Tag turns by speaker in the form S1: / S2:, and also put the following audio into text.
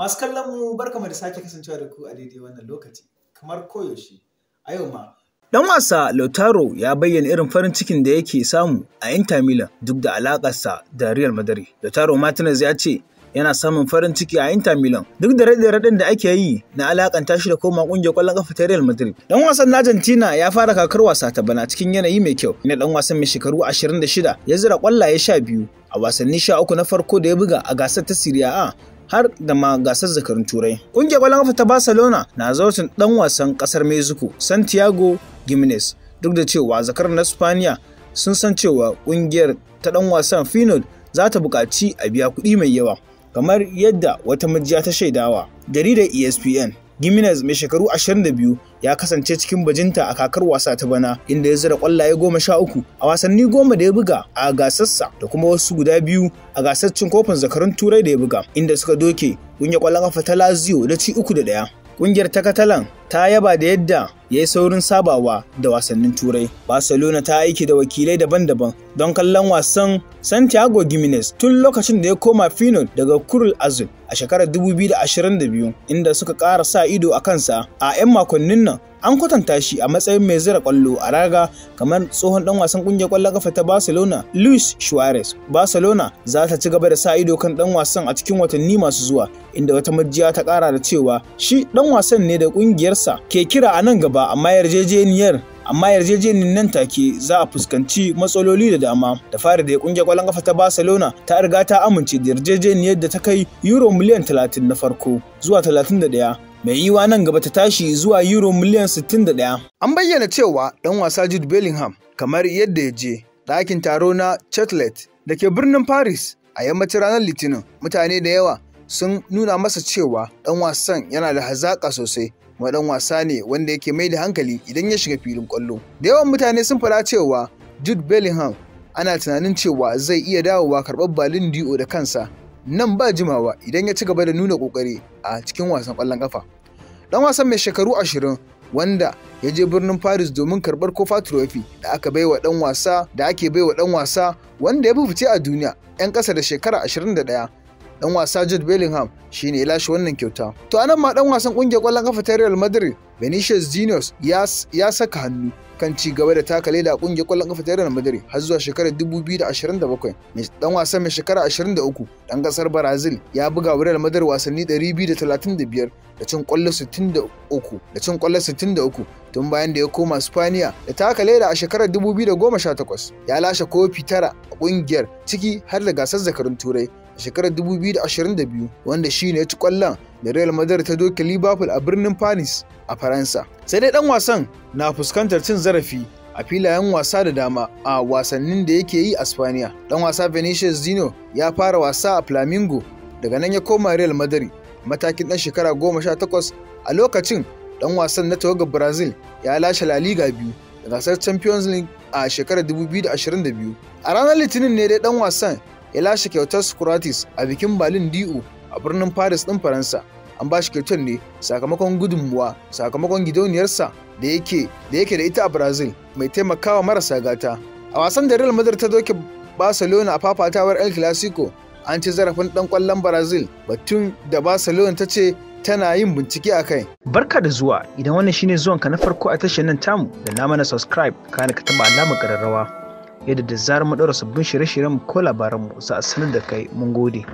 S1: Masu kallon mu barkamu da sake kasancewa da ku a daidai wannan lokaci, kamar koyaushe, a yau ma. Dan wasa Lautaro ya bayyana irin farin cikin da yake samu a Inter Milan duk da alakarsa da Real Madrid. Lautaro Martinez ya ce yana samun farin ciki a Inter Milan duk da raɗe-raɗen da ake yi na alakanta shi da koma ƙungiyar ƙwallon ƙafa ta Real Madrid. Dan wasan na Argentina ya fara kakar wasa ta bana cikin yanayi mai kyau. Ina dan wasan mai shekaru 26 ya zira ƙwallaye 12 a wasanni sha uku na farko da ya buga a gasar ta Serie A har da ma gasar zakarun turai ƙungiyar kwallon kafa ta barcelona na zautun ɗan wasan ƙasar mexico santiago gimenez duk da cewa zakar na spaniya sun san cewa ƙungiyar ta ɗan wasan finod za ta buƙaci a biya kuɗi mai yawa kamar yadda wata majiya ta shaidawa jaridar espn Gimenez mai shekaru 22 ya kasance cikin bajinta a kakar wasa ta bana inda ya zira kwallaye goma sha uku a wasanni goma da ya buga a gasarsa da kuma wasu guda biyu a gasar cin kofin zakarun turai da ya buga inda suka doke kunya kwallon kafa ta Lazio da ci uku da ɗaya. Kungiyar ta Catalan ta yaba da yadda ya yi saurin sabawa da wasannin turai barcelona ta aiki da wakilai daban-daban don kallon wasan santiago gimenez tun lokacin da ya koma finot daga kurul azul a shekarar 2022 inda suka ƙara sa ido a kansa a 'yan makonnin nan an kwatanta shi a matsayin mai zira kwallo a raga kamar tsohon dan wasan kungiyar kwallon kafa ta Barcelona Luis Suarez. Barcelona za ta ci gaba da sa ido kan dan wasan a cikin watanni masu zuwa inda wata majiya ta kara da cewa shi dan wasan ne da kungiyar ƙasarsa ke kira a nan gaba amma yarjejeniyar amma yarjejeniyar nan take za a fuskanci matsaloli da dama da fara da kungiyar kwallon kafa ta Barcelona ta riga ta amince da yarjejeniyar da ta kai euro miliyan 30 na farko zuwa 31 mai yiwa nan gaba ta tashi zuwa euro miliyan 61 an bayyana cewa dan wasa Jude Bellingham
S2: kamar yadda ya je dakin taro na Chatlet da ke birnin Paris a yammacin ranar Litinin mutane da yawa sun nuna masa cewa dan wasan yana da hazaƙa sosai kuma dan wasa ne wanda yake mai da hankali idan ya shiga filin kwallo. Da yawan mutane sun fara cewa Jude Bellingham ana tunanin cewa zai iya dawowa karɓar balin di'o da kansa nan ba jimawa idan ya ci gaba da nuna ƙoƙari a cikin wasan ƙwallon ƙafa. ɗan wasan mai shekaru ashirin wanda ya je birnin Paris domin karɓar kofa trophy da aka baiwa dan wasa da ake baiwa dan wasa wanda ya fi fice a duniya 'yan ƙasa da shekara 21 dan wasa Jude Bellingham shine ya lashe wannan kyauta. To anan ma dan wasan kungiyar kwallon kafa ta Real Madrid Vinicius Junior ya saka hannu kan ci gaba da taka leda a kungiyar kwallon kafa ta Real Madrid har zuwa shekarar 2027. Dan wasan mai shekara 23 dan kasar Brazil ya buga wa Real Madrid wasanni 235 da cin kwallo 63 da cin kwallo 63 tun bayan da ya koma Spaniya da taka leda a shekarar 2018. Ya lashe kofi tara a kungiyar ciki har da gasar zakarun Turai shekarar 2022 wanda shi ne ya ci kwallon da Real Madrid ta doke Liverpool a birnin Paris a Faransa. Sai dai dan wasan na fuskantar cin zarafi a filayen wasa da dama a wasannin da yake yi a Spaniya. Dan wasa Vinicius Zino ya fara wasa a Flamingo daga nan ya koma Real Madrid matakin dan shekara 18 a lokacin dan wasan na tawaga Brazil ya lashe La Liga biyu da gasar Champions League a shekarar 2022. A ranar Litinin ne dai dan wasan ya lashe kyautar Socrates a bikin Balin Diu a birnin Paris ɗin Faransa. An ba shi kyautar ne sakamakon gudunmuwa sakamakon gidauniyarsa da yake da yake da ita a Brazil mai taimakawa marasa gata. A wasan da Real Madrid ta doke Barcelona a fafatawar El Clasico an ci zarafin ɗan ƙwallon Brazil batun da Barcelona ta ce tana yin bincike a kai. Barka da zuwa idan wannan shine zuwanka na
S1: farko a tashar nan tamu da na mana subscribe kana ka taba alamar ƙararrawa. yadda da zarar mu ɗaura sabbin shirye-shiryen ko labaranmu za a sanar da kai mun gode